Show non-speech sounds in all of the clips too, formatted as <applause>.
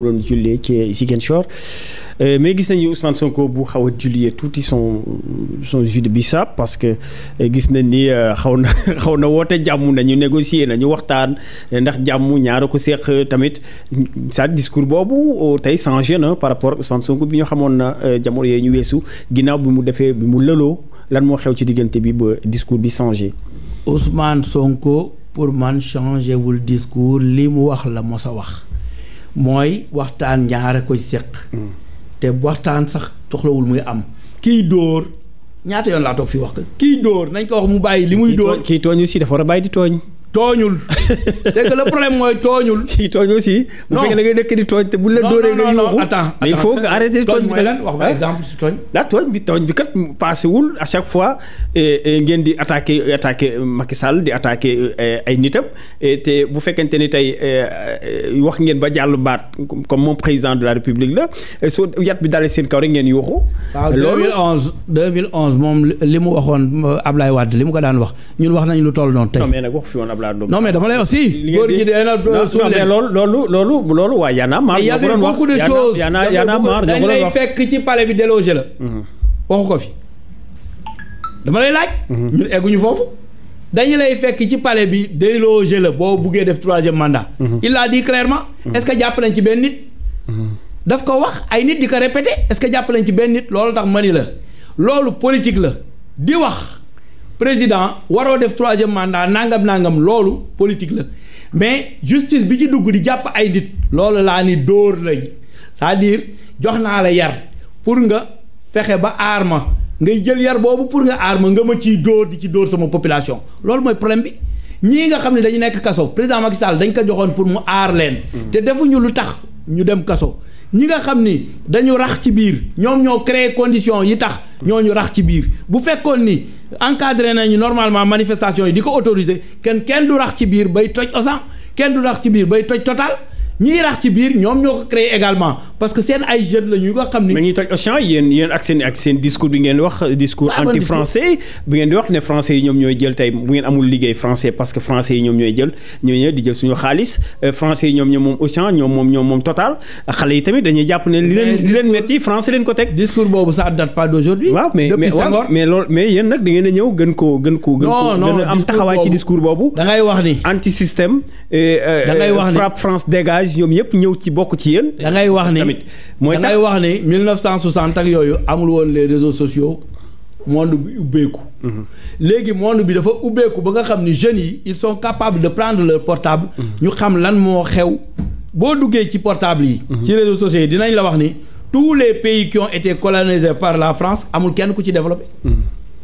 doon jullee ci Ziguinchor euh, mais gis nañu Ousmane Sonko bu xaw a jullee tuuti son son jus bi bissap parce que euh, gis nañ ni euh, xaw na <laughs> xaw na woote jàmm nañu négocier nañu waxtaan ndax jàmm ñaar ko seeq tamit sa discours boobu tey changé na par rapport ak Sonko bi ñu xamoon na jamono yee ñu weesu ginnaaw bi mu defee bi mu lëloo lan moo xew ci diggante bi ba discours bi changé. Ousmane Sonko pour man changé wul discours li mu wax la mos wax. mooy waxtaan ñaare koy séq te waxtaan sax soxlawul muy am kiy dóor ñaata yoon laa toog fii wax ko kiy dóor nañ ko wax mu bàyyi li muy dóor kiy tooñ aussi dafa war a bàyyi di tooñ tooñul <laughs> c'est que le problème mooy tooñul. kii tooñ aussi. bu fekkee da nga nekk di tooñ te bu la dóoree nga yuuxu attends mais il faut ah. tooñ bi lan wax ba exemple si tooñ. bi kat passé wul à chaque fois ngeen di attaqué attaqué Macky Sall di attaqué eh, ay nitam te bu fekkente ni tey eh, wax ngeen ba jàll baat comme moom président de la république la eh, su yat bi dalee seen kaw rek ngeen yuuxu. loolu 2011 2011 moom li mu waxoon Ablaye Wade li mu ko daan wax ñun wax nañ lu toll noonu tey. non mais nag wax fi woon Ablaye référendum. non mais dama lay aussi. góor gi dee na euh, suul leen loolu loolu loolu loolu waa Y en a marre. ñoo ko doon wax Y en a Y en a marre dañ lay la. Mhm. waxu ko fi dama laaj. Mhm. ñun foofu. dañu lay fekk ci palais bi délogé la boo buggee def troisième mandat. Mhm. il a dit que jàpp nañ ci benn nit. ko wax ay nit di ko répété est-ce que jàpp nañ ci benn nit loolu tax ma la loolu politique la di wax. président waroo def troisième mandat nàngam nangam loolu politique la mais justice bi ci dugg di jàpp ay nit loolu laa ni dóor la saa à jox naa la yar pour nga fexe ba aar ma ngay jël yar boobu pour nga aar ma nga ma ciy dóor di ci dóor sama population loolu mooy problème bi ñii nga xam ne dañu nekk kaso président Macky Sall dañ ko joxoon pour mu aar leen. Mm. te defuñu lu tax ñu dem kaso. ñi nga xam ni dañu rax ci biir ñoom ñoo créer condition yi tax. ñoo ñu rax ci biir bu fekkoon ni. encadré nañu normalement manifestation yi di ko autorisé kenn kenn du rax ci biir bay toj Auchan kenn du rax ci biir bay toj Total ñiy rax ci biir ñoom ñoo ko créé également parce que seen ay jeunes la ñu nga xam ni. mais ñuy toj Auchan yéen yéen ak seen discours bi ngeen wax. discours anti français bi ngeen di wax ne français yi ñoom ñooy jël tey bu ngeen amul liggéey français parce que français yi ñoom euh, ñoom moom Auchan moom ñoom Total xale yi tamit dañuy jàpp ne. li leen li leen leen ko teg. discours boobu ça date pas d'aujourd'hui. depuis mais mais nag da ngeen a ñëw gën koo gën koo. gën koo gën a am taxawaay ci discours boobu. da ngay euh, ñoom yëpp ñëw ci bokk ci yéen. da ngay wax ni tamit. mooy tax da ngay wax ne ak yooyu amul woon les réseaux sociaux monde bi ubbeeku. Mhm. léegi monde bi dafa ubbeeku ba nga xam ni jeunes yi ils sont capables de prendre leur portable. Mhm. ñu xam lan moo xew. boo duggee ci portable yi. Mhm. ci réseaux sociaux yi dinañ la wax ni. tous les pays qui ont été colonisés par la France amul kenn ku ci développé.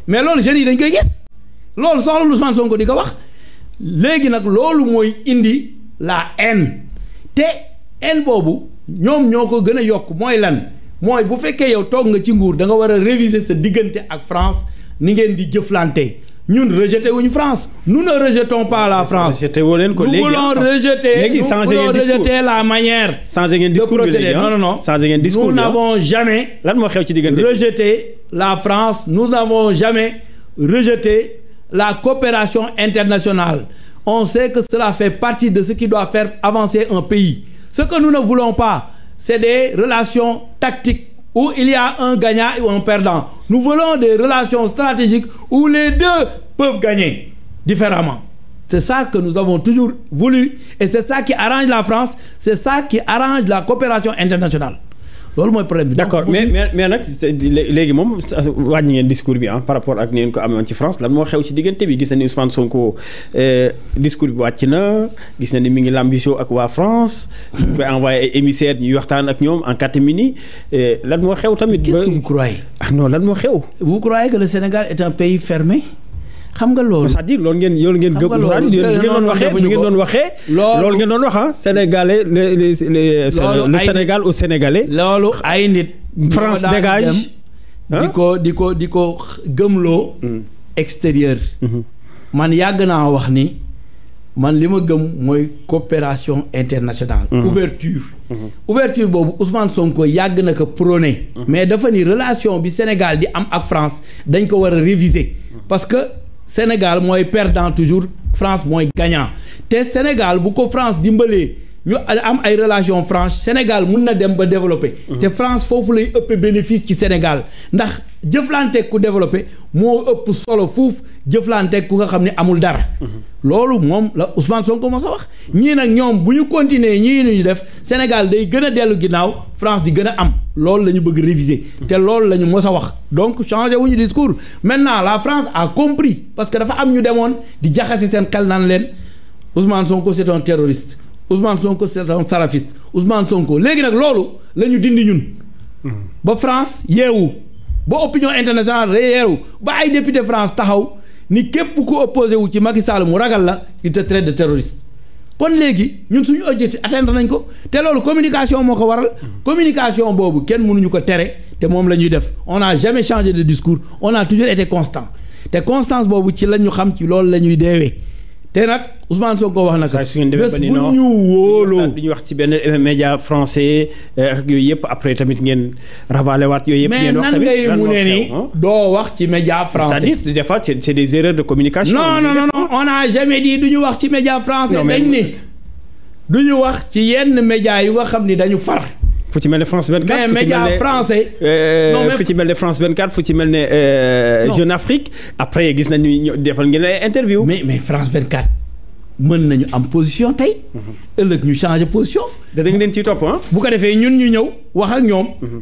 mais loolu jeunes yi dañ koy gis. loolu soxla Ousmane Sonko di ko wax. léegi nag loolu mooy indi la haine te haine boobu. ñoom ñoo ko gën a yokk mooy lan mooy bu fekkee yow toog nga ci nguur da nga war a réviser sa diggante ak France ni ngeen di jëflante ñun rejeté wuñu France nous ne rejetons pas la France nous voulons rejeter nous voulons rejeter la manière de procéder non non non nous n'avons jamais lan moo xew ci diggante rejeté la France nous n'avons jamais rejeté la coopération internationale on sait que cela fait partie de ce qui doit faire avancer un pays ce que nous ne voulons pas c'est des relations tactiques où il y a un gagnant et un perdant nous voulons des relations stratégiques où les deux peuvent gagner différemment c'est ça que nous avons toujours voulu et c'est ça qui arrange la France c'est ça qui arrange la coopération internationale loolu mooy problème bi. d' accord mais mais mais nag léegi moom wàññi ngeen discours bi ah par rapport ak ni ngeen ko amoon ci France lan moo xew ci diggante bi gis na ni Ousmane Sonko eh, discours bi wàcc na gis na ni mi ngi l'ambition ak waa France. ñu koy envoyé ay ñuy waxtaan ak ñoom en catimini eh, lan moo xew tamit. qu' est ce que vous croyez. ah lan moo xew. vous croyez que le Sénégal est un pays fermé. xam nga loolu cest à loolu ngeen loolu ngeen gëm ngeen doon waxee ngeen doon waxee loolu ngeen doon wax ah sénégalais le Sénégal au sénégalais loolu ay nit France dégage ah. di ko di ko di ko gëmloo hmm. extérieur hmm. man yàgg naa wax ni man li ma gëm mooy coopération internationale hmm. ouverture ouverture boobu usman Sonko yàgg na ko prôné mais dafa ni relation bi Sénégal di am ak France dañ ko war a réviser parce que Sénégal mooy perdant toujours France mooy gagnant te Sénégal bu ko France dimbalee ñu am ay relation France Sénégal mun na dem ba développer. Mmh. te France foofu lay ëpp bénéfice ci Sénégal ndax. jëflanteeg ku développé moo ëpp solo fuuf jëflanteeg ku nga xam ne amul dara. loolu moom la Ousmane Sonko moo sa wax. ñii nag ñoom bu ñu continuer ñii ñu def Sénégal day gën a dellu ginnaaw France di gën a am loolu la ñu bëgg réviser. te loolu la ñu mos a wax donc changé wu ñu discours maintenant la France a compris parce que dafa am ñu demoon di jaxase seen xel naan leen Ousmane Sonko c'est un terroriste Ousmane Sonko c'est un salafiste Ousmane Sonko léegi nag loolu la ñu dindi ñun. ba France yeewu. ba opinion internationale réyeeru ba ay député France taxaw ni képp ku opposé wu ci Macky Sall mu ragal la il te de terroriste kon léegi ñun suñu objectif atteindre nañ ko te loolu communication moo ko waral communication boobu kenn mënuñu ko tere te moom la ñuy def on n'a jamais changé de discours on a toujours été constant te constance boobu ci la ñu xam ci loolu la ñuy deewee te nag Ousmane Sonko wax na ko. bés bu ñu wóoloo du wax ci benn média français euh, yooyu yëpp après tamit ngeen ravalé waat yooyu yëpp. ngeen wax tamit mais nan mu ne ni doo wax ci média français. cest des de communication. non non du ñu wax ci média français. dañ ñu wax ci yenn média yu nga xam ni dañu far. fu ci mel ne France 24. mais média français. fu ci mel ne France 24 fu ci mel ne. Jeune Afrique après gis nañu ñu defal ngeen ay interview. mais mais France 24 mën nañu am position tey. Mhm. ëllëg ñu changer position. danañ leen ciy topp ah. bu ko defee ñun ñu ñëw wax ak ñoom. Mhm.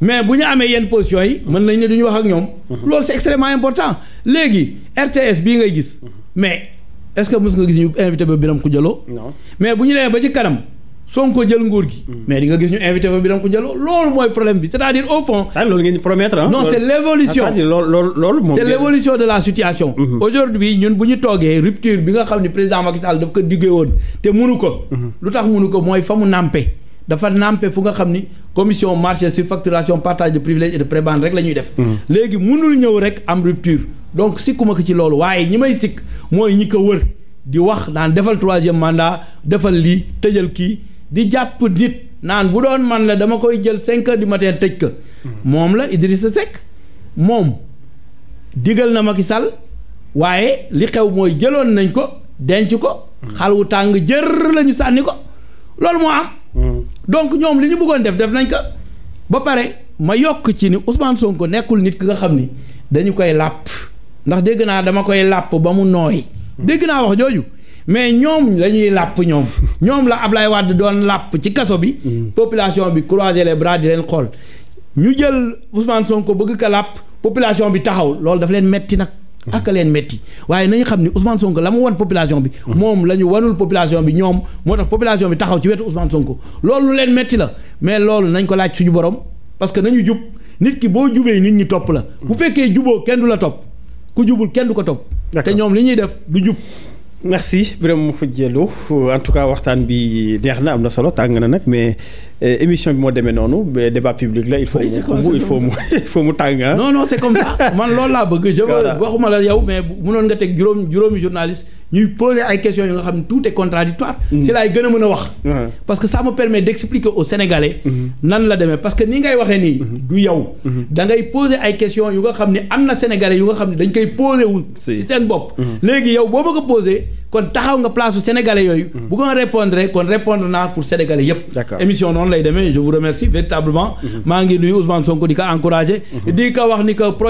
mais bu ñu amee yenn position yi. mën nañ ne du ñu wax ak ñoom. Mhm. loolu c'est extrêmement important léegi RTS bii ngay gis. mais est-ce que mës nga gis ñu invité ba Birame Khoudialo. non mais bu ñu demee ba ci kanam. Sonko jël nguur gi. Mm. mais di nga gis ñu invité fa Biram ko jël loolu mooy problème bi c'est-à-dire au fond. ça loolu ngeen di promettre ah. non c'est l'évolution ah, c'est l'évolution de la situation. Mm-hmm. aujourd'hui ñun bu ñu toogee rupture bi nga xam ne président Macky Sall daf ko diggee woon te mënu ko. Mm-hmm. lu tax mënu ko mooy fa mu nàmpe. dafa nàmpe fu nga xam ni commission marché surfacturation partage de privilèges et de prébende rek la ñuy def. Mm-hmm. léegi mënul ñëw rek am rupture. donc sikkuma ko ci loolu waaye ñi may sikk mooy ñi ko wër di wax daan defal troisième mandat defal lii tëjal kii. di jàpp nit naan bu doon man la dama koy jël cinq di du matin tëj ko. moom la Idrissa Seck moom digal na ma Macky Sall waaye li xew mooy jëloon nañ ko denc ko. xal wu tàng jër la sànni ko loolu moo am. Mm. donc ñoom li ñu bëggoon def def nañ ko. ba pare ma yokk ci ni Ousmane Sonko nekkul nit ki nga xam ni dañu koy làpp ndax dégg naa dama koy làpp ba mu nooy. Mm. dégg naa wax jooju. mais ñoom la ñuy làpp ñoom ñoom la Ablaye Wade doon làpp ci kaso bi. Mm. population bi croiser les bras di leen xool. ñu jël Ousmane Sonko bëgg ka làpp population bi taxaw loolu dafa leen metti nag. ak leen metti waaye nañu xam ni Ousmane Sonko la mu wan population bi. Mm. moom la ñu wanul population bi ñoom moo tax population bi taxaw ci wetu Ousmane Sonko loolu leen metti la mais loolu nañ ko laaj suñu borom parce que nañu jub nit ki boo jubee nit ñi topp la. Mm. bu fekkee juboo kenn du la topp ku jubul kenn du ko topp. te ñoom li ñuy def du jub. merci Birame Khoudia Lo en tout cas waxtaan bi neex na am na solo tàng na nag mais eh, émission bi moo demee noonu mais débat public la il faut mu il faut mu <laughs> il faut mu tàng non c'est comme ça man loolu laa bëgg je veux waxuma la yow mais munoon nga teg juróom juróomi journaliste ñuy poser ay questions yu nga xam ne tout est contradictoire mm. si laay gën a mën a wax parce que ça permet d'expliquer aux Sénégalais mm-hmm. nan la demee parce ni ngay waxee nii mm-hmm. du yow mm-hmm. da ngay ay questions yu nga xam ne am na Sénégalais yu nga xam ne dañ koy poser wu si seen bopp léegi yow boo bëgg a poser kon taxaw nga place su Sénégalais yooyu bu ko répondre kon répondre naa pour Sénégalais yëpp émission noonu lay deme je vous remercie véritablement maa ngi nuyu Ousmane Sonko di ko